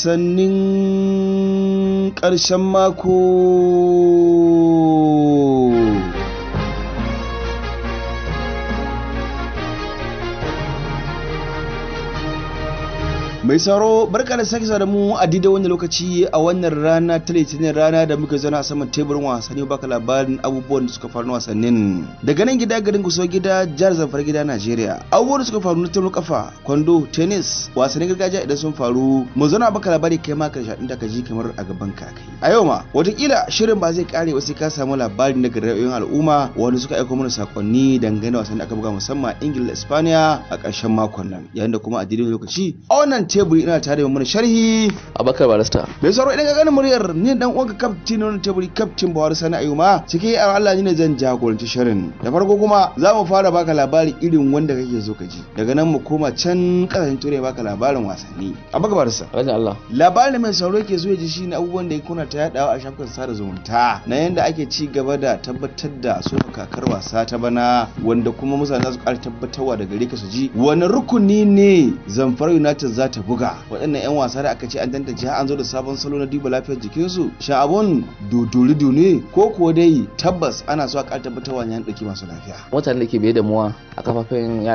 wasannin ƙarshen mako mai sauro barka da sake da mu a dida wani lokaci a wannan rana ta litinin rana da muka zana a saman teburin wasanni baka labarin abubuwan da suka faru na wasannin daga nan gida garin guso gida jihar zamfara gida najeriya abubuwan da suka faru na taurin kafa kwando tennis wasannin gargajiya idan sun faru mu zana baka labari kai ma karshe da ka ji kamar a gaban ka kai a yau ma watakila shirin ba zai kare ba sai ka samu labari na ra'ayoyin al'umma wanda suka aiko mana sakonni dangane da wasannin aka buga musamman ingila da a ƙarshen makon nan yayin da kuma a dida lokaci a wannan teburi ina tare da mun sharhi abakar barista bai saro idan ga ganin muryar ni dan uwanka kaftin wannan teburi kaftin bawar sani ayuma cike a Allah ne zan jagoranci shirin da farko kuma za mu fara baka labari irin wanda kake so ka ji daga nan mu koma can kasashen turai baka labarin wasanni abakar barista rajin Allah labarin mai sauro yake so ya ji shine abubuwan da ya kuna ta yadawa a shafukan sada zumunta na yanda ake ci gaba da tabbatar da su kakar wasa ta bana wanda kuma mutane za su ƙara tabbatarwa daga gare ka su ji wani rukuni ne zamfara united za ta buga waɗannan 'yan wasa da aka ce an tantance har an zo da sabon salo na duba lafiyar jikinsu sha abun dodorido ne ko kuwa dai tabbas ana so a ƙara tabbatar wa yan ɗauki masu lafiya mutane da ke biye da muwa a kafafen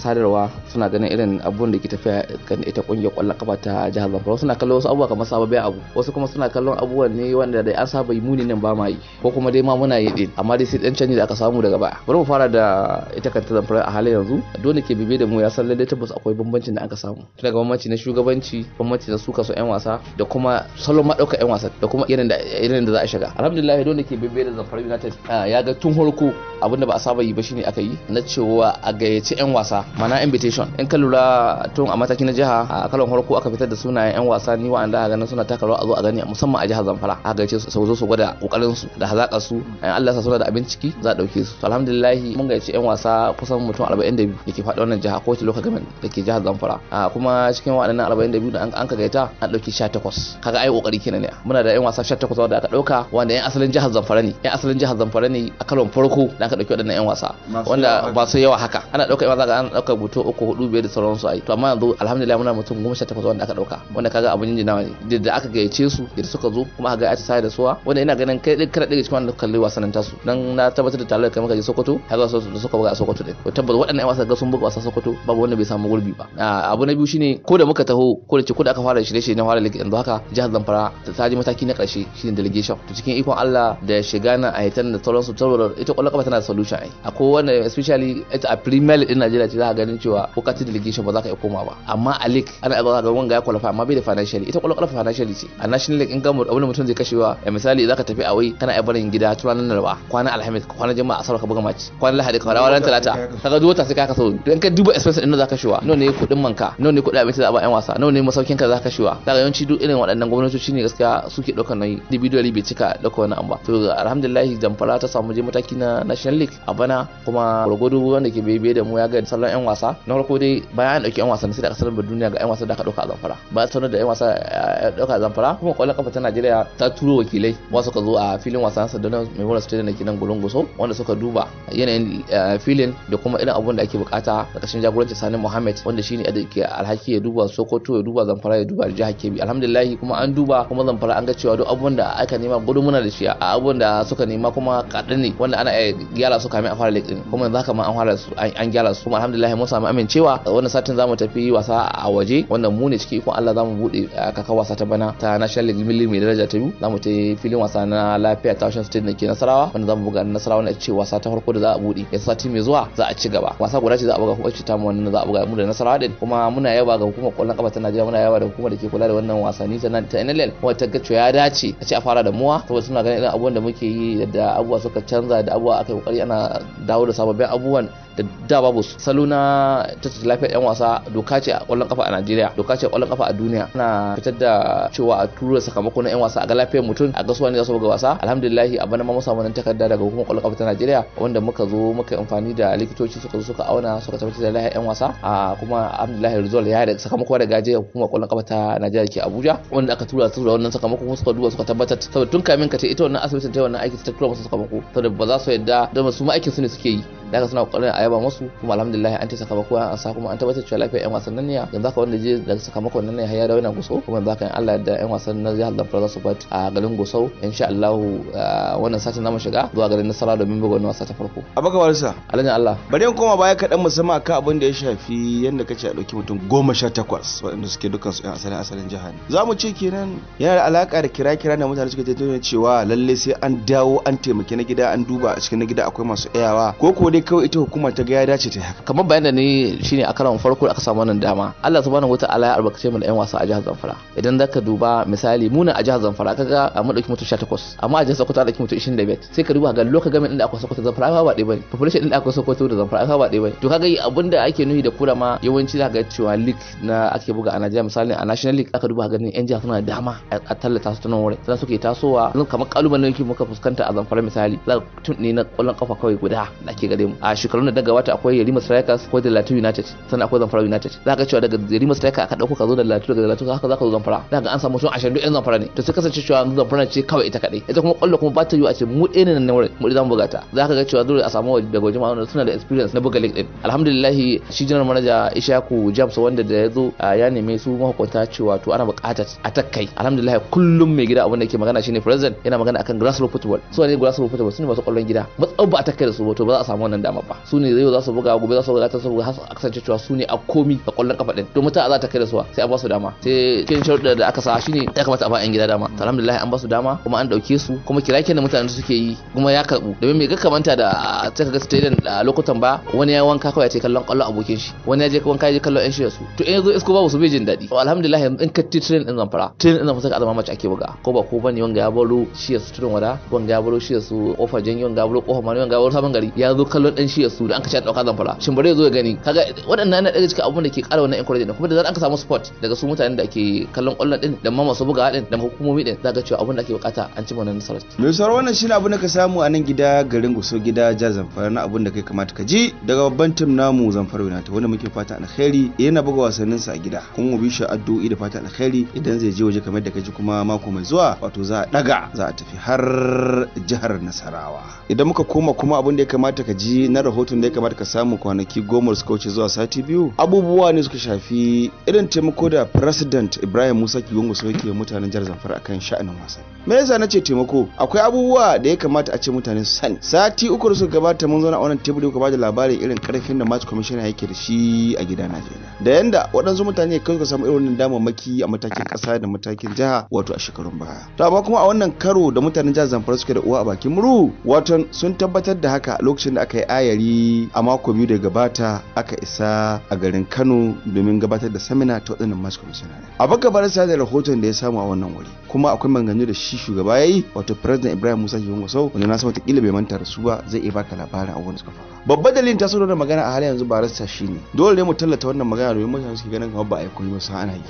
sadarwa suna ganin irin abubuwan da ke tafiya kan ita ƙungiyar ƙwallon kafa ta jihar zamfara suna kallon wasu abubuwa kamar sababbin abu wasu kuma suna kallon abubuwan ne wanda da an saba yi muni nan ba ma yi ko kuma dai ma muna yi din amma dai sai dan canji da aka samu daga baya bari mu fara da ita kanta zamfara a halin yanzu dole ke bibe da mu ya san lallai tabbas akwai bambancin da aka samu daga bambanci na shugabanci bambanci na su kaso yan wasa da kuma salon maɗauka yan wasa da kuma irin da irin za a shiga alhamdulillah don da ke bebe da zamfara united ah, ya ga tun harko abin da ba a saba yi ba shine aka yi na cewa a gayyace yan wasa mana invitation in ka lura tun a mataki na jiha a kalon horko aka fitar da sunayen yan wasa ni wa'anda a ganin suna taka rawa a zo a gani musamman a jihar zamfara a gayyace su zo su gwada kokarin su da hazaka su in Allah ya sa suna da abin ciki za a dauke su alhamdulillah mun gayyaci yan wasa kusan mutum 42 da ke faɗi wannan jiha ko ta lokacin da ke jihar zamfara ah, kuma cikin waɗannan 42 da an ka gaita an ɗauki 18 kaga ai kokari kenan ne muna da yan wasa 18 wanda aka ɗauka wanda yan asalin jihar Zamfara ne yan asalin jihar Zamfara ne a karon farko da aka ɗauki waɗannan yan wasa wanda ba su yawa haka ana ɗauka yan wasa an ɗauka buto uku hudu biyar da sauransu ai to amma yanzu alhamdulillah muna mutum goma 18 wanda aka ɗauka wanda kaga abun jinjina ne da aka gayyace su da suka zo kuma aka ta sai da suwa wanda ina ganin kai ɗin kada ɗin cikin wanda kalli wasannin tasu dan na tabbatar da tare kai muka je Sokoto kaga su suka buga a Sokoto to tabbata waɗannan yan wasa ga sun buga wasa Sokoto babu wanda bai samu gurbi ba ah, abu na biyu shine ko da muka taho ko da ce ko da aka fara shirye-shirye na fara ligi yanzu haka jihar zamfara ta je mataki na karshe shine delegation to cikin ikon Allah da shiga na a hitan da sauransu saboda ita kwallon kafa tana da solution ai akwai wanda especially ita a premier league din Najeriya ce za ka ganin cewa ko wakati delegation ba za ka iya koma ba amma a league ana iya ga wanga ya kwalifa amma bai da financially ita kwallon kafa financially ce a national league in ga abin da mutum zai kashewa a eh, misali za ka tafi a wai kana iya barin gida nan narba kwana alhamis kwana jama'a asabar ka buga match kwana lahadi ka fara ranar talata kaga duwata sai ka kaso idan ka duba expense din da za ka shiwa nawa ne kudin manka nawa ne kudin gwamnati da yan wasa nawa ne masaukin ka za ka shiwa daga yawanci duk irin waɗannan gwamnatoci ne gaskiya suke ɗaukar nauyi individually bai cika ɗauka wani an ba to alhamdulillah jamfara ta samu je mataki na national league a bana kuma gwargwado wanda ke bebe da mu ya ga salon yan wasa na farko dai bayan an ɗauki yan wasa sai da kasar duniya ga yan wasa da ka ɗauka a zamfara Ba sanar da yan wasa ya eh, ɗauka a zamfara kuma kwallon kafa ta najeriya ta turo wakilai ba suka zo a filin wasa sadana mai wura stadium da ke nan gurin gusau wanda suka duba yanayin eh, filin da kuma irin abun da ake bukata a ƙarshen jagoranci sani muhammad wanda shine da ke alhaki ya duba sokoto ya duba zamfara ya duba jihar kebbi alhamdulillah kuma an duba kuma zamfara an ga cewa duk abubuwan da aka nema gudu muna da shi a abubuwan da suka nema kuma kaɗan ne wanda ana iya gyara su kamin a fara lake kuma yanzu haka ma an fara su an gyara su kuma alhamdulillah mun samu amincewa wannan satin zamu tafi wasa a waje wanda mu ne cikin ikon Allah zamu bude kaka wasa ta bana ta national league milli mai daraja ta biyu zamu ta filin wasa na lafiya ta Washington state da ke nasarawa wanda zamu buga nasarawa na ce wasa ta farko da za a bude ya sati mai zuwa za a ci gaba wasa guda ce za a buga kuma ci ta mu wannan za a buga mu da nasarawa din kuma muna yaba ga hukumar kwallon kafa ta Najeriya muna yawa da hukumar da ke kula da wannan wasanni sannan ta NLL wata ta ya dace a ce a fara da muwa saboda suna ganin irin abubuwan da muke yi da abubuwa suka canza da abubuwa aka yi kokari ana dawo da sababbin abubuwan da da babu salo na tattalin lafiyar yan wasa doka ce a kwallon kafa a Najeriya doka ce a kwallon kafa a duniya ana fitar da cewa a tura sakamako na yan wasa a ga lafiyar mutum a gasuwa ne za su buga wasa Alhamdulillahi a bana ma mun samu nan takarda daga hukumar kwallon kafa ta Najeriya wanda muka zo muka amfani da likitoci suka zo suka auna suka tabbatar da lafiyar yan wasa a kuma alhamdulillahi result ya da sakamako da gaje hukumar kwallon kafa ta Najeriya ke Abuja wanda aka tura da wannan sakamako kuma suka duba suka tabbatar saboda tun kamin ka ce ita wannan asibitin ta wannan aiki ta tura musu sakamako saboda ba za su yadda da su ma aikin su ne suke yi da ka suna kokarin a yaba musu kuma alhamdulillah an ta sakamako an sa kuma an tabbatar cewa lafiyar yan nan ne yanzu haka wanda je daga sakamakon nan ne har ya dawo yana guso kuma yanzu haka in Allah ya da yan wasan nan zai Zamfara za su bat a garin Gusau insha Allah wannan satin na mu shiga zuwa garin Nasara domin buga wannan wasa ta farko a baka warsa alhaji Allah bari in koma baya kaɗan musamman akan abin da ya shafi yadda kace a ɗauki mutum goma sha takwas waɗanda suke dukkan su 'yan asalin asalin jihar ne za mu ce kenan yana da alaƙa da kira-kira da mutane suke tattauna cewa lalle sai an dawo an taimaki na gida an duba a cikin na gida akwai masu iyawa ko ko dai kawai ita hukuma ta ga ya dace ta haka kamar bayan da ni shine a karon farko da aka samu wannan dama Allah subhanahu wataala ya albarkace mu da yan wasa a jihar Zamfara idan zaka duba misali mu na a jihar Zamfara kaga a mu dauki mutum 18 amma a jihar Sokoto dauki mutum 25 sai ka duba ga lokacin gamin inda akwai Sokoto Zamfara ba dai bane population din da akwai Sokoto da Zamfara ba dai bane to kaga abinda ake nuni da kura ma yawanci zaka ga cewa league na ake buga a Najeriya misali a National League aka duba ga ganin yan jihar suna da dama a tallata su ta nan wurin sai suke tasowa kamar kalubalen da muka fuskanta a Zamfara misali za tun ne na kwallon kafa kawai guda da ake gare a shekarun da daga wata akwai Yarima Strikers akwai da Latu United sannan akwai Zamfara United za ka cewa daga Yarima Strikers aka dauko ka zo da Latu daga Latu haka za ka zo Zamfara za ka an samu mutum 20 'yan Zamfara ne to sai kasance cewa Zamfara ce kawai ita kadai ita kuma kwallo kuma ba ta yiwu a ce mu ɗaya ne nan wurin mu za mu buga ta za ka ga cewa dole a samu daga wajen ma'anar suna da experience na buga league din alhamdulillah shi general manager Ishaku James wanda da ya zo ya neme su mahukunta cewa to ana buƙatar a kai alhamdulillah kullum mai gida abin da yake magana shine president yana magana akan grassroots football so ne grassroots football sune masu kwallon gida matsau ba a takkai da su ba to ba za a samu wannan wannan dama ba su ne yau za su buga gobe za su buga ta su buga har kasance cewa su ne a komi a kwallon kafa din domin ta za ta kai da suwa sai an ba su dama sai cikin sharuɗa da aka sa shine ya kamata a ba 'yan gida dama to alhamdulillah an ba su dama kuma an dauke su kuma kirakin da mutanen suke yi kuma ya karbu domin me ga kamanta da ta kaga stadium a lokutan ba wani ya wanka kawai ya ce kallon kwallon abokin shi wani ya je wanka ya je kallon 'yan shi da su to in yazo isko babu su bai jin daɗi to alhamdulillah in ka ti train din zamfara train din zamfara zama mace ake buga ko ba ko bane wanga ya baro shi ya su tudun wada wanga ya baro shi ya su kofa jangi wanga ya baro kofa mani wanga ya baro sabon gari ya zo kallon kullum dan shi su da an kace dauka zamfara shin bare zo ya gani kaga waɗannan na daga cikin abun da ke ƙara wannan encouragement kuma da zan aka samu support daga su mutanen da ke kallon ƙwallon din da ma masu buga din da hukumomi din zaka cewa abun da ake bukata an cimma wannan nasara mai sauran wannan shine abun da ka samu a nan gida garin guso gida ja zamfara na abun da kai kamata ka ji daga babban team namu zamfara united wanda muke fata alkhairi yana buga wasannin sa a gida kuma mu bi shi addu'o'i da fata alkhairi idan zai je waje kamar da kaji kuma mako mai zuwa wato za a daga za a tafi har jihar nasarawa idan muka koma kuma abun da ya kamata ka ji ji na rahoton da ya kamata ka samu kwanaki goma suka wuce zuwa sati biyu abubuwa ne suka shafi irin taimako da president ibrahim musa kigongo su yake mutanen jihar zamfara akan sha'anin wasa me yasa na ce taimako akwai abubuwa da ya kamata a ce mutane su sani sati uku da suka gabata mun zauna a wannan teburi ka bada labarin irin karfin da match commissioner yake da shi a gida najeriya da yanda waɗansu mutane kai suka samu irin damammaki a matakin ƙasa da matakin jiha wato a shekarun baya to amma kuma a wannan karo da mutanen jihar zamfara suke da uwa a bakin muru wato sun tabbatar da haka lokacin da aka yi ayari a mako biyu da gabata aka isa a garin kano domin gabatar da samina ta waɗannan masu kwamishinare a baka barasa sa da rahoton da ya samu a wannan wuri kuma akwai manganu da shi shugaba ya yi wato president ibrahim musa kihun sau wanda na san watakila bai manta da su ba zai iya baka labarin abubuwan da suka faru babban dalilin ta da magana a halin yanzu shi ne dole ne mu tallata wannan magana domin mutane suke ganin kamar ba a yi koyi ba ana yi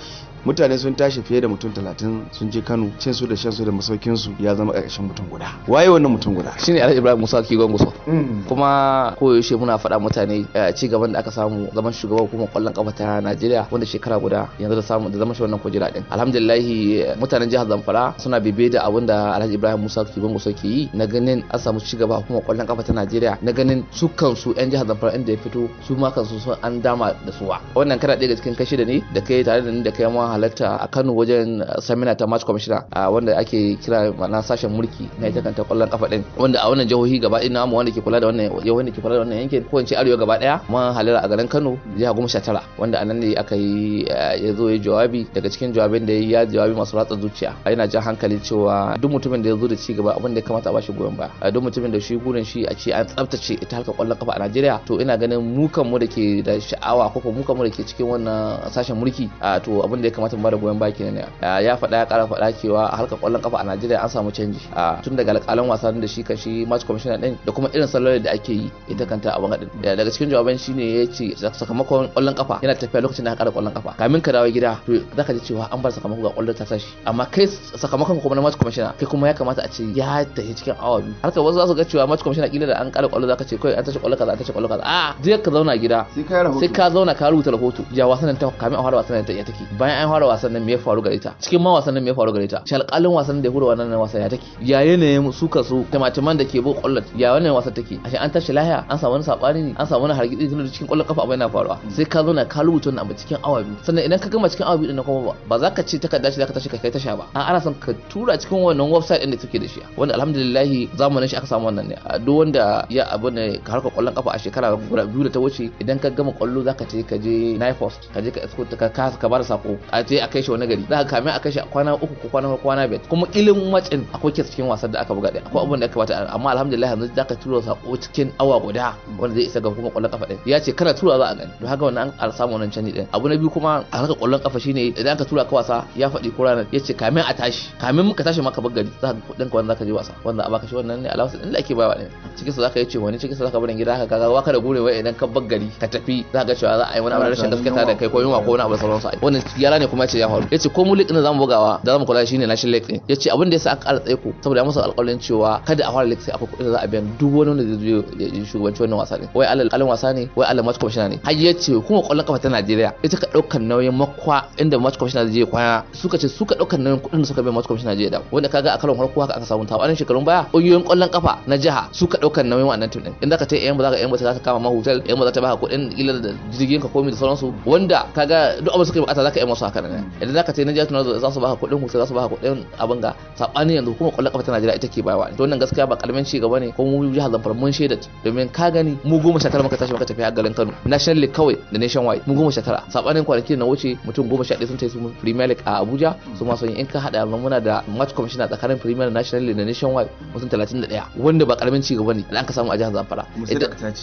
mutane sun tashi fiye da mutum talatin sun je kano cin su da shan su da masaukin su ya zama ƙarƙashin mutum guda waye wannan mutum guda shine alhaji ibrahim musa kigon guso mm. kuma koyaushe muna faɗa mutane eh, ci gaban da aka samu zaman shugaban hukumar kwallon kafa ta najeriya wanda shekara guda yanzu da samu da zama shi wannan kujera din alhamdulillah eh, mutanen jihar zamfara suna bibe da abin da alhaji ibrahim musa kigon guso ke yi na ganin an samu ci gaba hukumar kwallon kafa ta najeriya na ganin su kansu yan jihar zamfara inda ya fito su ma kansu sun an dama da suwa wannan kana ɗaya cikin kashi da ni da kai tare da ni da kai ma halarta a Kano wajen uh, samina ta match commissioner uh, wanda ake kira mana sashen mulki na ita kanta kwallon kafa din wanda a wannan jihohi gaba ɗaya namu wanda ke kula da wannan wanda ke kula da wannan yankin ko in ce arewa gaba ɗaya mun halara a garin Kano jiha goma sha tara wanda anan ne aka yi uh, ya zo ya jawabi daga cikin jawabin da ya jawabi masu ratsa zuciya a yana jan hankali cewa duk mutumin da ya zo da ci gaba abin da ya kamata a bashi goyon ba duk mutumin da shi gurin shi a ce an tsaftace ita harkar kwallon kafa a Najeriya to ina ganin mu kanmu da ke da sha'awa ko kuma mu kanmu da ke cikin wannan sashen mulki to abin da ya kamata mu bada goyon baki ne ya faɗa ya ƙara faɗa cewa a harkar ƙwallon kafa a Najeriya an samu canji tun daga alƙalan wasa da shi kashi match commissioner ɗin da kuma irin sallolin da ake yi ita kanta a bangaren daga cikin jawaban shi ne ya ce sakamakon ƙwallon kafa yana tafiya lokacin da aka ƙara ƙwallon kafa kamin ka dawo gida to zaka ji cewa an bar sakamako ga ƙwallon ta tashi amma kai sakamakon kuma na match commissioner kai kuma ya kamata a ce ya tafi cikin awa biyu harkar wasu za su ga cewa match commissioner kila da an ƙara ƙwallo zaka ce kai an tashi ƙwallon kaza an tashi ƙwallon kaza a duk ka zauna gida sai ka zauna ka rubuta rahoto ya wasan ta kamin a fara wasan ta ya take bayan bayan fara wasan nan me ya faru gare ta cikin ma wasan nan me ya faru gare ta shi alƙalin wasan da ya hura wannan wasan ya take ya yanayin su ka su tamatiman da ke bu ƙwallon ya wannan wasan take ashe an tashi lahiya an samu wani sabani ne an samu wani hargitsi tun da cikin ƙwallon kafa abu na faruwa sai ka zo na ka rubuta wannan abu cikin awa biyu sannan idan ka gama cikin awa biyu din kuma ba za ka ce ta shi za ka tashi ka kai tasha ba a ana son ka tura cikin wannan website din da take da shi wanda alhamdulillah zamanin shi aka samu wannan ne duk wanda ya abu ne ka harka ƙwallon kafa a shekara guda biyu da ta wuce idan ka gama ƙwallo za ka je ka je nifos ka je ka escort ka ka ba da sako a je a kai shi wani gari za ka kame a kai shi a kwana uku ko kwana kwana biyar kuma ilin matsin akwai ke cikin wasan da aka buga ɗaya akwai abin da ya kamata amma alhamdulillah yanzu za ka tura sako cikin awa guda wanda zai isa ga kuma ƙwallon kafa ɗin ya ce kana tura za a gani don haka wannan an samu wannan canji ɗin abu na biyu kuma a haka ƙwallon kafa shine idan aka tura ka wasa ya faɗi ko ranar ya ce kamin a tashi kamin ka tashi maka gari za ka kuɗin ka wanda za ka je wasa wanda a baka shi wannan ne alhamdulillah inda ake bawa ɗin cikin sa za ka yi ce wani cikin sa za ka barin gida haka kaga waka da gurewa idan ka bar gari ka tafi za ka ga cewa za a yi wani abu rashin gaskata da kai ko yunwa ko wani abu da sauransu wannan gyara ne ne kuma yace ya faru yace ko mu league din zamu bugawa da zamu kula shine national league din yace abin da yasa aka ƙara tsaye ku saboda musu alƙalin cewa kada a fara league sai akwai kuɗin za a biya duk wani wanda zai zo ya shugabanci wannan wasa ne wai alal alƙalin wasa ne wai alal match commissioner ne har yace kuma ƙwallon kafa ta Najeriya ita ka ɗaukar nauyin makwa inda match commissioner zai kwana suka ce suka ɗaukar nauyin kuɗin da suka bai match commissioner zai da wanda kaga a karon farko haka aka samu ta wannan shekarun baya ƙungiyoyin ƙwallon kafa na jiha suka ɗaukar nauyin wannan team din in zaka ta yan ba zaka yan ba za kama ma hotel yan ba za ta baka kuɗin ilar da jirgin ka komai da sauransu wanda kaga duk abin suka yi bukata zaka yi musu haka nan idan zaka ce Niger Tunazo za su baka kuɗin hutu za su baka kuɗin abin ga sabani yanzu hukumar kwallon kafa ta Najeriya ita ke bayarwa to wannan gaskiya ba karamin ci gaba ne ko mu jihar Zamfara mun shaida domin ka gani mu goma shekara muka tashi muka tafi a garin Kano National League kawai da nation wide mu goma shekara sabanin kwanaki na wuce mutum goma sha ɗaya sun tafi mu Premier League a Abuja su ma sun in ka hada yanzu muna da match commissioner tsakanin Premier National League da nation wide mutum 31 wanda ba karamin ci gaba ne da an ka samu a jihar Zamfara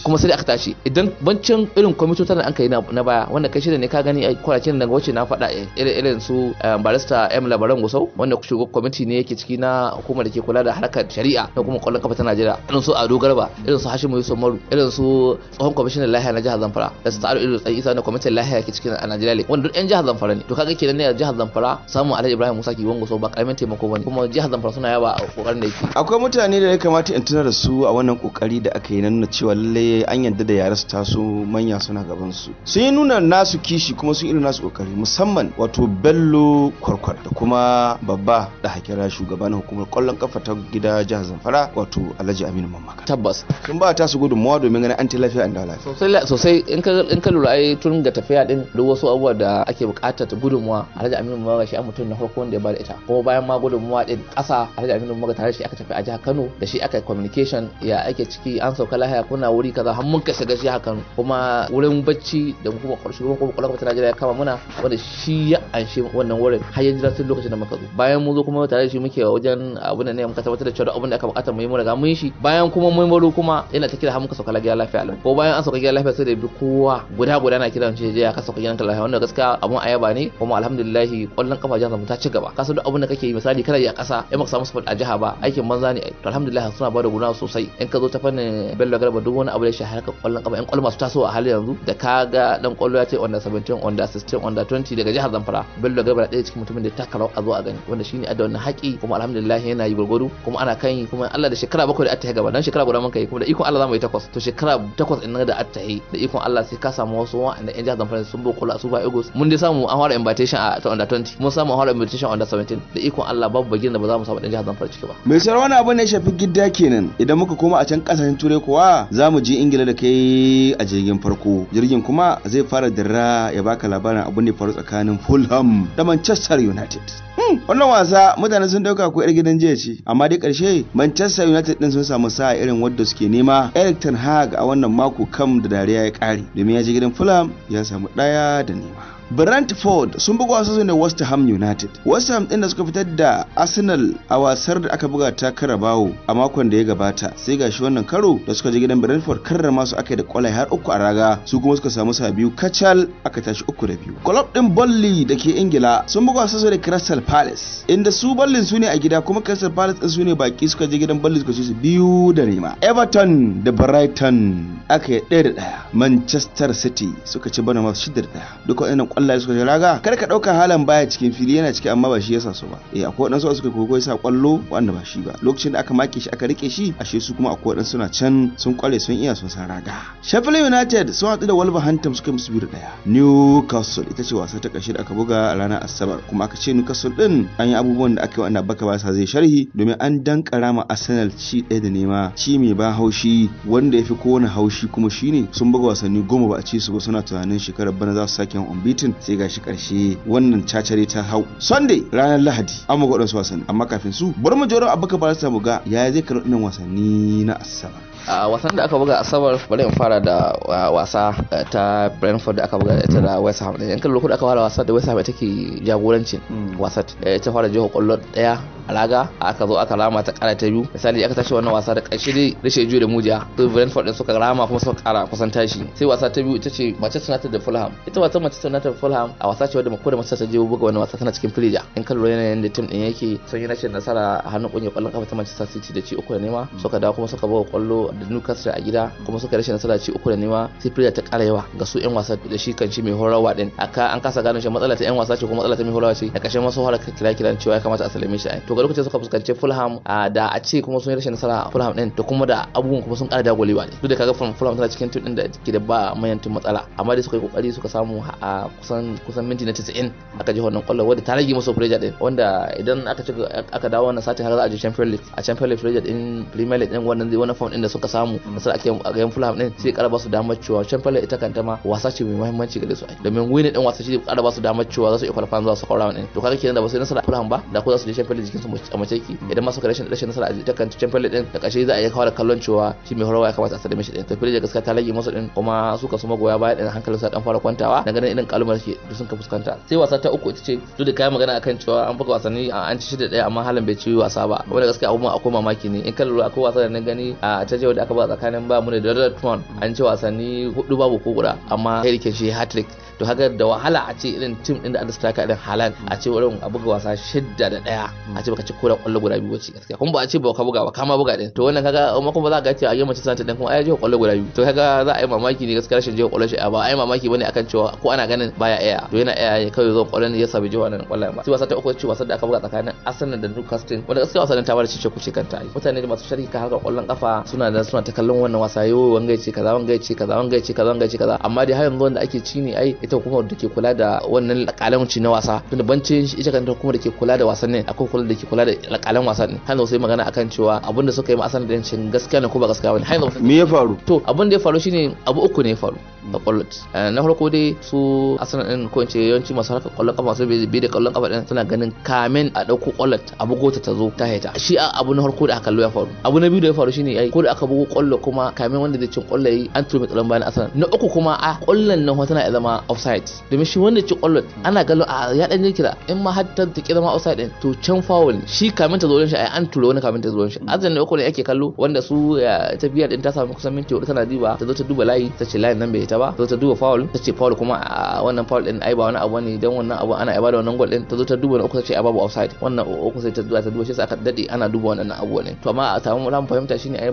kuma sai da aka tashi idan bancin irin kwamitotan da an kai na baya wanda kai shida ne ka gani a kwanakin da wuce na faɗa eh, irin su eh, barista M Labaran Gusau wanda shugaban kwamiti ne yake ciki na hukumar da ke kula da harkar shari'a da kuma kwallon kafa ta Najeriya irin su Ado Garba irin su Hashimu Yusuf Maru irin su tsohon kwamishinan lahiya na jihar Zamfara da su Ta'aru Idris Isa na kwamitin lahiya ke ciki a Najeriya wanda duk yan jihar Zamfara ne to kaga kenan ne a jihar Zamfara samun Alhaji Ibrahim Musa Kiwon Gusau ba karamin taimako bane kuma jihar Zamfara suna yaba a kokarin da yake akwai mutane da ya kamata in tunar da su a wannan kokari da aka yi na nuna cewa lalle an yarda da yara su taso manya suna gaban su sun yi nuna nasu kishi kuma sun yi nasu kokari musamman wato bello kwarkwar da kuma babba da hakira shugaban hukumar kwallon kafa ta gida jihar zamfara wato alhaji aminu mamaka tabbas sun ba ta su gudunmawa domin ganin an lafiya an dawo lafiya sosai in ka lura ai tun ga tafiya din duk wasu abubuwa da ake bukatar ta gudunmawa alhaji aminu mamaka shi a mutum na farko wanda ya bada ita kuma bayan ma gudunmawa din kasa alhaji aminu mamaka tare shi aka tafi a jihar kano da shi aka communication ya ake ciki an sauka lahiya kuna wuri kaza har mun kai shiga jihar kuma wurin bacci da kuma kwarshe kuma kwallon kafa ta ya kama muna wanda shi ya anshe wannan wurin har yanzu da sun lokacin da muka zo bayan mu zo kuma tare da shi muke wajen abin da ne muka tabbatar da cewa abin da aka bukata mu yi mu riga mun shi bayan kuma mun baro kuma yana ta kira har muka sauka lafiya lafiya lau ko bayan an sauka lafiya sai da bi kowa guda guda na kiran shi ya ka sauka gidan lafiya wannan gaskiya abun ayaba ne kuma alhamdulillah kwallon kafa jihar mu ta ci gaba kasan duk abin da kake yi misali kana ya kasa in baka samu support a jiha ba aikin banza ne to alhamdulillah suna ba da guna sosai in ka zo ta fannin bello garba duk wani abu da shi harkar kwallon kafa in kwallo masu tasowa a halin yanzu da ka ga dan kwallo ya ce on the 17 on the 16 on the 20 daga jihar zamfara bello garba ɗaya cikin mutumin da ta karau a zo a gani wanda shine adda wannan haƙi kuma alhamdulillah yana yi gurgudu kuma ana kan yi kuma Allah da shekara bakwai da atta gaba dan shekara guda mun kai kuma da ikon Allah zamu yi takwas to shekara takwas din da atta da ikon Allah sai ka samu wasu wa inda yan jihar zamfara sun bokola su ba egos mun dai samu an fara invitation a under 20 mun samu an fara invitation under 17 da ikon Allah babu bagin da ba za mu samu dan jihar zamfara ciki ba mai sarwa wani abu ne shafi gidda kenan idan muka koma a can kasashen turai kuwa za mu je ingila da kai a jirgin farko jirgin kuma zai fara dirra ya baka labarin abun ne faru tsakanin tsakanin fulham da manchester united hmm. wannan wasa mutane sun dauka ko 'yar gidan jiya ce amma dai karshe manchester united din sun samu sa'a irin wanda suke nema eric ten hag a wannan mako kam da dariya ya kare domin ya ji gidan fulham ya samu ɗaya da nema Brentford sun buga wasu ne West Ham United. West Ham ɗin da suka fitar da Arsenal a wasar da aka buga ta Karabawo a makon da ya gabata. Sai gashi wannan karo da suka je gidan Brentford karra masu aka da kwalai har uku a raga su kuma suka samu sa biyu kacal aka tashi uku da biyu. Club ɗin Bolly da ke Ingila sun buga wasu da Crystal Palace inda su Bolly su ne a gida kuma Crystal Palace ɗin su ne baki suka je gidan Bolly suka ci su biyu da nema. Everton da Brighton aka yi ɗaya da ɗaya. Manchester City suka ci Bournemouth shida da ɗaya. Duka Allah ya suka jira raga kar ka dauka halan baya cikin fili yana ciki amma ba shi yasa su ba eh akwai wadansu suka kogo yasa kwallo wanda ba shi ba lokacin da aka make shi aka rike shi ashe su kuma akwai wadansu suna can sun kware sun iya sun san raga Sheffield United sun hadu da Wolverhampton suka musu biyu daya Newcastle ita ce wasa ta karshe da aka buga a ranar Asabar kuma aka ce Newcastle din an yi abubuwan da aka yi wanda baka ba sa zai sharhi domin an dankara ma Arsenal ci ɗaya da nema ci mai ba haushi wanda ya fi kowane haushi kuma shine sun buga wasanni goma ba a ci su ba suna tunanin shekarar bana za su sake yin unbeaten mutum sai gashi karshe wannan cacare ta hau sunday ranar lahadi an mu su wasanni amma kafin su bari mu jero abuka ba su mu ga yaya zai karɓi wasanni na asabar a wasan da aka buga asabar bari in fara da wasa eh, ta brentford da aka buga ita da west ham da yankin lokacin da aka fara wasa da west ham ke jagorancin mm. wasa eh, ta fara jiho kwallon daya alaga aka zo aka rama ta kara ta biyu misali aka tashi wannan wasa da karshe dai rashe juyo da mujiya to brentford din suka rama kuma suka kara kusan tashi sai wasa ta biyu ita ce manchester united da fulham ita wasan manchester united da fulham a wasa ce wadda mako da manchester ta je buga wannan wasa tana cikin firija in kan lura yanayin da tim din yake sun yi rashin nasara a hannun kungiyar kwallon kafa ta manchester city da ci uku da nema mm. suka dawo kuma suka buga kwallo da Newcastle a gida kuma suka rashin nasara ci uku da nema sai Prida ta ƙara yawa ga su 'yan wasa da shi kan shi mai horarwa din aka an kasa gano shi matsala ta 'yan wasa ce kuma matsala ta mai horarwa ce a ƙarshen masu horar kira kira cewa ya kamata a salame shi to ga lokacin suka fuskanci Fulham da a ce kuma sun rashin nasara Fulham din to kuma da abubuwan kuma sun ƙara dagolewa ne duk da kaga Fulham tana cikin tudin da ke da ba manyan matsala amma dai suka yi kokari suka samu a kusan kusan minti na 90 aka ji wannan kwallo wanda ta rage musu pressure din wanda idan aka ci aka dawo wannan sati har za a ji Champions League a Champions League pressure din Premier League din wannan zai wani form din da suka suka samu nasara a gaban Fulham din sai kara ba su damar cewa Champions ita kanta ma wasa ce mai muhimmanci gare su domin wani dan wasa shi kara ba su damar cewa za su iya kwalifan zuwa su kwara din to kaga kenan da ba su nasara Fulham ba da ko za su je Champions League su a mace ki idan ma suka rashin rashin nasara a ita kanta Champions din da kashe za a iya kawo kallon cewa shi mai horarwa ya kamata a sade mishi din to Fulham gaskiya ta lage musu din kuma su ka su magoya baya din hankalin su dan fara kwantawa daga nan irin kalmar ke da sun ka fuskanta sai wasa ta uku ita ce duk da kai magana akan cewa an buga wasanni an ci shida daya amma halin bai ci wasa ba wanda gaskiya abubuwan akwai mamaki ne in kallo akwai wasa da na gani a ta da aka ba tsakanin ba mu da Dortmund an ci wasanni hudu babu ko guda amma Harry Kane shi hat-trick to haka da wahala a ce irin tim din da an strike irin halal a ce wurin a buga wasa shidda da daya a ce baka ci kura kwallo guda biyu bace gaskiya kuma ba a ce ba ka buga ba kama buga din to wannan kaga amma kuma za ka ce a yamma ci santa din kuma ai jiwa kwallo guda biyu to kaga za a yi mamaki ne gaskiya shin jiwa kwallo shi ba ai mamaki bane akan cewa ko ana ganin baya iya to yana iya ya kawai zo kwallon ya sabi jiwa nan kwallon ba sai wasa ta uku ce wasa da aka buga tsakanin Arsenal da Newcastle wanda gaskiya wasan ta bar ce kuce kanta ai mutane da masu sharhi ka haka kwallon kafa suna da suna ta kallon wannan wasa yo wanga ce kaza wanga ce kaza wanga ce kaza wanga ce kaza amma dai har yanzu wanda ake ci ne ai ita kuma da ke kula da wannan alƙalanci na wasa da bancin ita kanta kuma da ke kula da wasannin akwai kula da ke kula da alƙalan wasan ne hanzo sai magana akan cewa abinda suka yi ma'asar da yancin gaskiya ne ko ba gaskiya bane hanzo me ya faru to abin da ya faru shine abu uku ne ya faru a kwallot eh, na farko dai su asanar din ko ince ce yawanci masu harkar kwallon kafa su bai da kwallon kafa din suna ganin kamen a dauko kwallot a bugo ta zo ta haita shi abu na farko da aka ya faru abu na biyu da ya faru shine ai ko da aka bugo kwallo kuma kamen wanda zai cin kwallo an tumi tsalon bayan asanar na uku kuma a kwallon nan hotuna ya zama offside domin shi wanda ci kwallon ana galo a ya dan kira in ma har ta kira ma offside din to can foul shi kamin ta zo shi ai an tura wani kamin ta zo shi azan ne uku ne ake kallo wanda su tafiya din ta samu kusan minti hudu tana diba ta zo ta duba layi ta ce layin nan bai ta ba ta zo ta duba foul ta ce foul kuma a wannan foul din ai ba wani abu ne dan wannan abu ana ibada wannan gol din ta zo ta duba na uku ta ce ai babu offside wannan uku sai ta duba ta duba shi aka dade ana duba wannan abu ne to amma a samu ran fahimta shine ai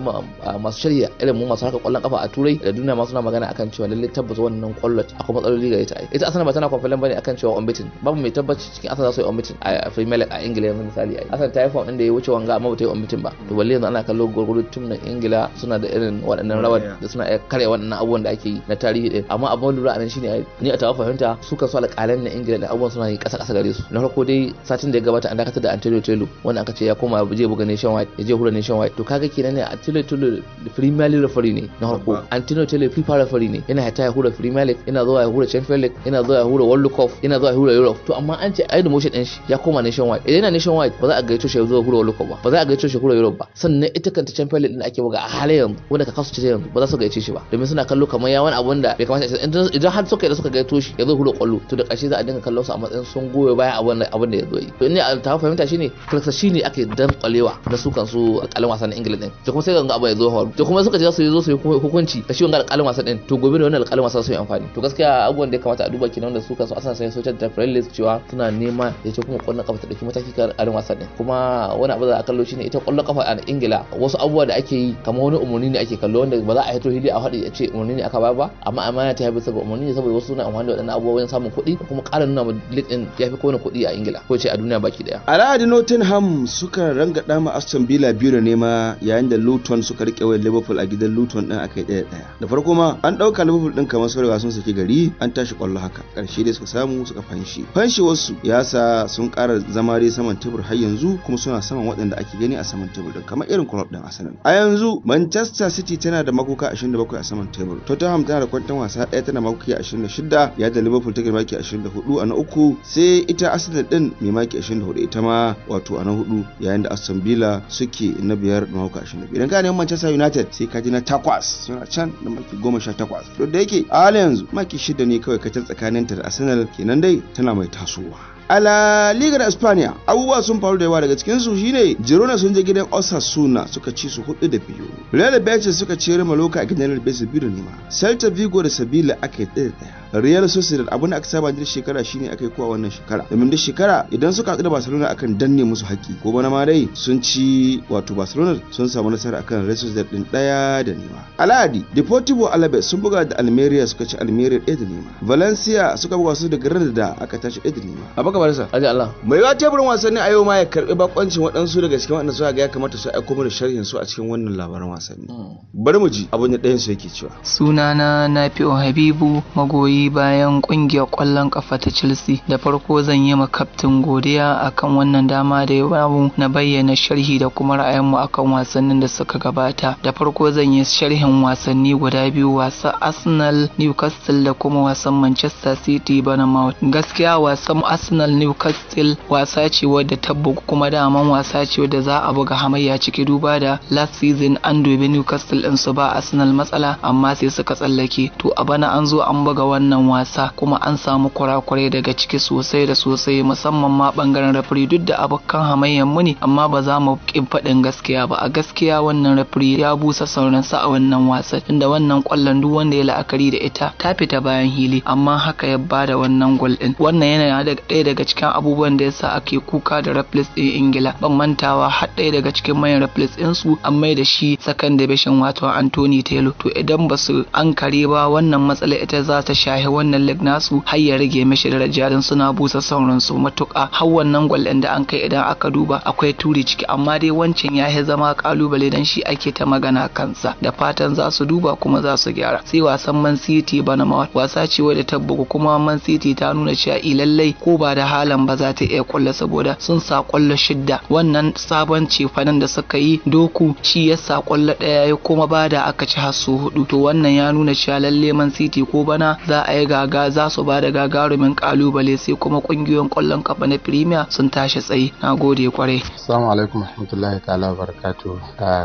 masu shirya irin mu masu haka kwallon kafa a turai da duniya ma suna magana akan cewa lalle tabbata wannan kwallon akwai matsaloli gare ta ai ita Arsenal ba tana complain bane akan cewa unbeaten babu mai tabbaci cikin Arsenal za su yi unbeaten a Premier League a Ingila yanzu misali ai Arsenal ta yi form din da ya wuce wanga amma ba ta yi unbeaten ba to balle yanzu ana kallo gurgurun tun na Ingila suna da irin waɗannan mm, rawar da suna iya kare waɗannan abubuwan da ake yi na tarihi din amma abin lura anan shine ni a tawa fahimta su kan so alƙalan na Ingila da abubuwan suna yi ƙasa ƙasa gare su na farko dai satin da ya gabata an dakatar da Antonio Telo wanda aka ce ya koma ya je buga Nation White ya je hura Nation White to kaga kenan ne Antonio Telo Premier League referee ne na farko Antonio Telo FIFA referee ne yana ta ya hura Premier League yana zuwa ya hura Emelec yana zuwa ya hura World Cup yana zuwa ya hura Europe to amma an ce ai motion din shi ya koma nation wide idan yana nation wide ba za a gaice shi ya zuwa hura World Cup ba ba za a gaice shi hura Europe ba sannan ita kanta Champions League din ake buga a halin yanzu wanda ka kasu ce yanzu ba za su gaice shi ba domin suna kallo kamar ya wani abun da bai kamata ce idan har suka yi da suka gaito shi ya zo hura kwallo to da ƙarshe za a dinga kallon su a matsayin sun goyo baya abun abun da ya zo yi to ne a ta fahimta shine Clarkson shine ake dan kwalewa da su kansu alƙalin wasan na England din to kuma sai ga abu ya zo hawa to kuma suka ce za su yi zo su yi hukunci da shi wanga alƙalin wasan din to gobe ne wannan alƙalin wasan su yi amfani to gaskiya abubuwan wanda ya kamata a duba kenan da su kansu asan sai social da list cewa suna nema ya ce kuma kwallon kafa ta dauki mataki kan arin wasan din kuma wani abu da aka kallo shine ita kwallon kafa a Ingila wasu abubuwa da ake yi kamar wani umarni ne ake kallo wanda ba za a hito hili a faɗi a ce umarni ne aka ba ba amma amana ta yabi saboda umarni ne saboda wasu suna amfani da waɗannan abubuwa wajen samun kuɗi kuma ƙara nuna ma league din ya fi kowane kuɗi a Ingila ko ce a duniya baki daya. A ra'adin Nottingham suka ranga dama Aston Villa biyu da nema yayin da Luton suka rike wayar Liverpool a gidan Luton din akai ɗaya ɗaya. Da farko ma an ɗauka Liverpool din kamar saurawa sun saki gari an tashi kwallo haka karshe dai suka samu suka fanshi fanshi wasu ya sa sun ƙara zama dai saman tebur har yanzu kuma suna saman waɗanda ake gani a saman tebur din kamar irin club din Arsenal a yanzu Manchester City tana da makoka 27 a saman tebur Tottenham tana da kwantan wasa ɗaya tana makoki 26 ya da Liverpool take maki 24 a na uku sai ita Arsenal din mai maki 24 ita ma wato a na hudu yayin da Aston Villa suke na biyar da makoka 25 idan ka neman Manchester United sai ka ji na takwas suna can da maki 18 duk da yake a yanzu maki 6 ne kawai kawai tsakanin tsakaninta da arsenal kenan dai tana mai tasowa a la liga da espanya abubuwa sun faru da yawa daga cikinsu shine girona sun je gidan osasuna suka ci su hudu da biyu real betis suka ci loka a gidan real betis biyu da nema celta vigo da sabila aka yi ɗaya Real Sociedad abin da aka saba duk shekara shine akai yi kowa wannan shekara domin duk shekara idan suka haɗu da Barcelona akan danne musu haƙƙi ko bana ma dai sun ci wato Barcelona sun samu nasara akan Real Sociedad din ɗaya da nema. Aladi Deportivo Alaves sun buga da Almeria suka ci Almeria ɗaya da nema. Valencia suka buga su da Granada aka tashi ɗaya da nema. A baka barisa. Aji Allah. Mai yiwa teburin wasanni a yau ma ya karɓi bakoncin waɗansu daga cikin waɗanda suka ga ya kamata su aiko da sharhin su a cikin wannan labaran wasanni. Hmm. Bari mu ji abin da ɗayan su yake cewa. Sunana nafio Habibu magoyi yi bayan ƙungiyar kwallon kafa ta Chelsea. Da farko zan yi ma kaftin godiya akan wannan dama da ya bamu na bayyana sharhi da kuma ra'ayinmu akan wasannin da suka gabata. Da farko zan yi sharhin wasanni guda biyu wasa Arsenal Newcastle da kuma wasan Manchester City bana Bournemouth. Gaskiya wasan Arsenal Newcastle wasa ce wadda ta bugu kuma daman wasa ce wadda za a buga hamayya ciki duba da last season an dubi Newcastle din su ba Arsenal matsala amma sai suka tsallake. To a bana an zo an buga wannan wannan wasa kuma an samu kurakurai daga ciki sosai da sosai musamman ma bangaren rafiri duk da abokan hamayyar mu ne amma ba za mu kin faɗin gaskiya ba a gaskiya wannan rafiri ya busa sauran sa a wannan wasa, inda wannan kwallon duk wanda ya la'akari da ita ta fita bayan hili amma haka ya bada wannan gol din wannan yana da ɗaya daga cikin abubuwan da yasa ake kuka da referees din Ingila ban mantawa har ɗaya daga cikin manyan referees din su an mai da shi second division wato Anthony Taylor to idan ba su an kare ba wannan matsala ita za ta shahi shahi wannan leg nasu har ya rage mishi daraja suna busa sauran su matuƙa har wannan gwal ɗin da an kai idan aka duba akwai turi ciki amma dai wancan ya zama kalubale dan shi ake ta magana kansa da fatan za su duba kuma za su gyara sai wasan man city bana ma wasa ce wadda ta bugu kuma man city ta nuna cewa lallai ko ba da halan ba za ta iya kulla saboda sun sa kwallo shidda wannan sabon cefanen da suka yi doku shi ya sa kwallo ɗaya ya kuma bada aka ci hasu hudu to wannan ya nuna cewa lalle man city ko bana za a ayi gaga za su ba da gagarumin kalubale sai kuma kungiyoyin kwallon kafa na Premier sun tashi tsaye. Na gode kwarai. Assalamu alaikum warahmatullahi ta'ala barakatu.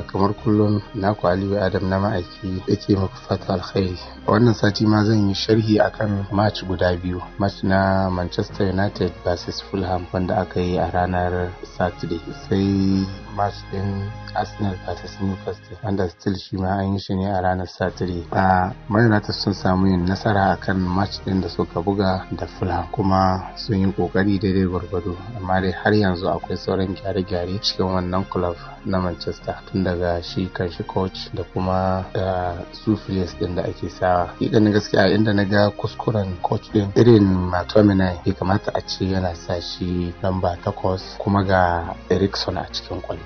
kamar kullum na ku Aliyu Adam na ma'aiki yake muku fata alkhairi. Wannan sati ma zan yi sharhi akan match guda biyu. Match na Manchester United vs Fulham wanda aka yi a ranar Saturday. Sai March din arsenal vs newcastle wanda still shi ma an yi shi ne a ranar satire a marinata sun samu yin nasara akan match din da suka buga da fulham kuma sun yi kokari daidai gwargwado amma dai har yanzu akwai sauran gyare-gyare cikin wannan club na manchester tun daga shi kan shi coach da kuma da su din da ake sawa idan gaskiya inda na ga kuskuren coach din irin matominai bai kamata a ce yana sa shi lamba takwas kuma ga Erikson a cikin kwali.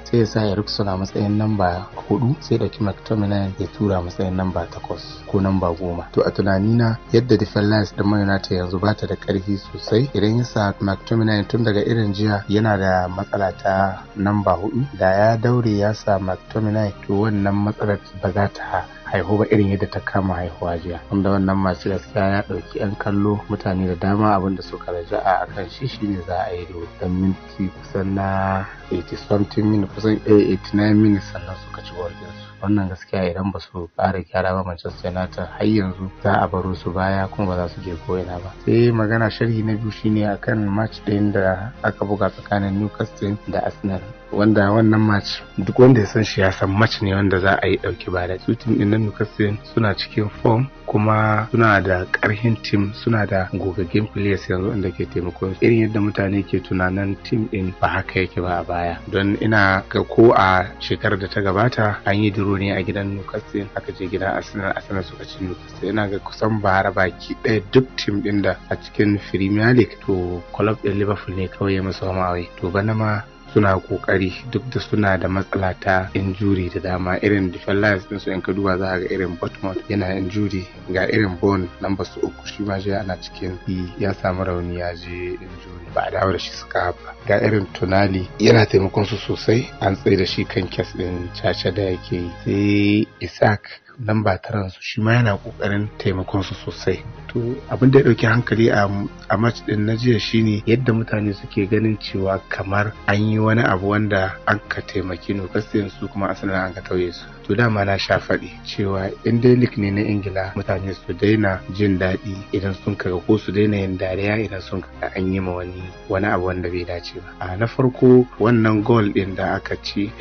sai ya sa Erickson a matsayin namba hudu sai da McTominay ya tura matsayin namba takwas ko namba goma to a tunanina yadda defense da Man United yanzu ba ta da karfi sosai idan ya sa McTominay tun daga irin jiya yana da matsala ta namba hudu da ya daure ya sa McTominay to wannan matsalar ba za ta haihu ba irin yadda ta kama haihuwa jiya wanda wannan masu gaskiya ya ɗauki 'yan kallo mutane da dama abin da suka raja'a a Akan shi shine za a yi don minti kusan na 80 something minutes kusan 89 minutes sannan suka ci gol wannan gaskiya idan ba su ƙara gyara ba Manchester United har yanzu za a baro su baya kuma ba za su je ko'ina ba sai magana sharhi na biyu shine akan match ɗin da aka buga tsakanin Newcastle da Arsenal wanda wannan match duk wanda ya san shi ya san match ne wanda za a yi ɗauki ba da su tim ɗin Newcastle suna cikin form kuma suna da karfin tim suna da gogaggen players yanzu inda ke taimakon irin yadda mutane ke tunanin tim din ba haka yake ba a baya don ina ga ko a shekarar da ta gabata an yi duro ne a gidan Newcastle aka je gidan Arsenal Arsenal suka ci Newcastle ina ga kusan bara baki ɗaya duk tim din da a cikin Premier League to club din Liverpool ne kawai ya musu to bana ma suna kokari duk da suna da matsala ta injuri da dama irin defen lines din su yan ka duba za ga irin Botmouth yana injuri ga irin Bone number su uku shi ma ana cikin e, ya samu rauni ya je injuri ba a dawo da shi suka ba ga irin Tonali yana taimakon su sosai an tsaye da shi kan kes din caca da yake yi sai Isaac lamba taransu shi ma yana kokarin taimakon su sosai to abin da ya ɗauki hankali a match din na jiya shine yadda mutane suke ganin cewa kamar an yi wani abu wanda an ka taimaki Newcastle su kuma asalin an ka tauye su to dama na sha faɗi cewa in dai ne na Ingila mutane su daina jin daɗi idan sun kaga ko su daina yin dariya idan sun kaga an yi ma wani wani abu wanda bai dace ba a na farko wannan gol ɗin da aka ci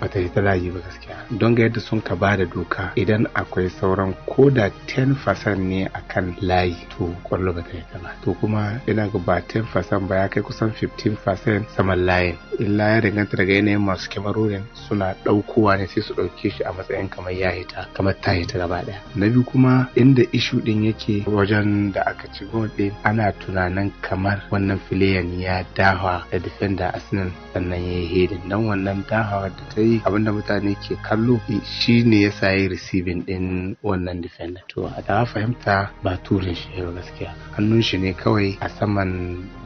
ba ta yi ta layi ba gaskiya don ga yadda sun ka ba da doka idan akwai sauran ko da 10% ne akan layi to kwallo ba ta yi kama to kuma ina ga ba 10% ba ya kai kusan 15% saman layin in ya danganta daga yanayin masu kyamarorin suna ɗaukowa ne sai su ɗauke shi a matsayin kamar ya hita kamar ta hita gaba ɗaya na biyu kuma inda ishu ɗin yake wajen da aka ci gol ɗin ana tunanin kamar wannan filiyan ya dawa da defender arsenal sannan ya yi hedin don wannan dahawa da ta yi abinda mutane ke kallo shi ne ya sayi receiving ɗin wannan defender to a da fahimta ba to burin shi yau gaskiya hannun shi ne kawai a saman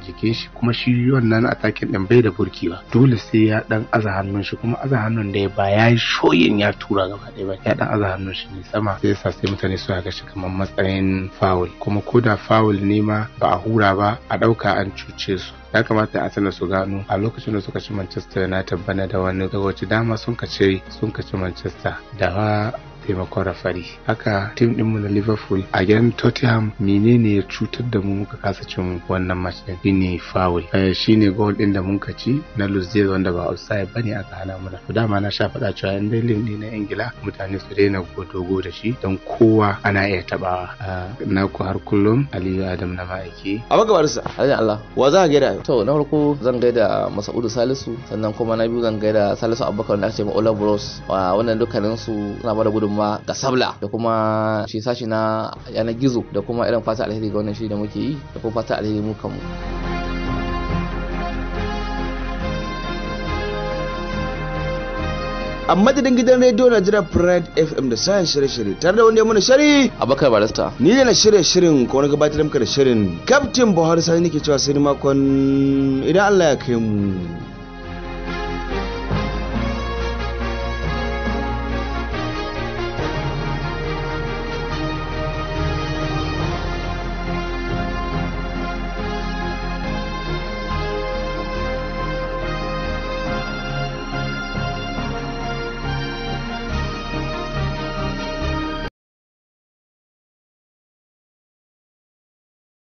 jikin shi kuma shi wannan takin ɗin bai da burki ba dole sai ya dan aza hannun shi kuma aza hannun da ya ba ya yi shoyin ya tura gaba ɗaya ba ya dan aza hannun shi ne sama sai yasa sai mutane suna ga shi kamar matsayin foul kuma ko da foul ne ma ba a hura ba a ɗauka an cuce su ya kamata a sanar su gano a lokacin da suka ci Manchester United bana da wani gawaci dama sun kace sun kace Manchester da taimakon rafari haka tim ɗinmu na liverpool a gidan tottenham menene ya cutar da mu muka kasa cin wannan match din shine foul eh, shine goal din da mun ka ci na Luzier wanda ba offside bane aka hana mana to dama na sha faɗa cewa in dai ne na Ingila mutane su daina godogo da shi don kowa ana iya tabawa eh, na ku har kullum Aliyu Adam na ma'aiki a sa. hajjan Allah wa za a gaida to na farko zan gaida Masaudu Salisu sannan kuma na biyu zan gaida Salisu Abubakar da ake ma Ola Bros wannan dukkanin su suna bada gudun kuma ga sabla da kuma shi sashi na yanar gizo da kuma irin fata alheri ga wannan shi da muke yi da kuma fata alheri mu kanmu. a madadin gidan rediyo na jirar Pride FM da sayan shirye-shirye tare da wanda ya mana shari Abakar Barista ni ne na shirya shirin ko na gabatar muka da shirin Captain Buhari Sani ke cewa sai makon idan Allah ya kai mu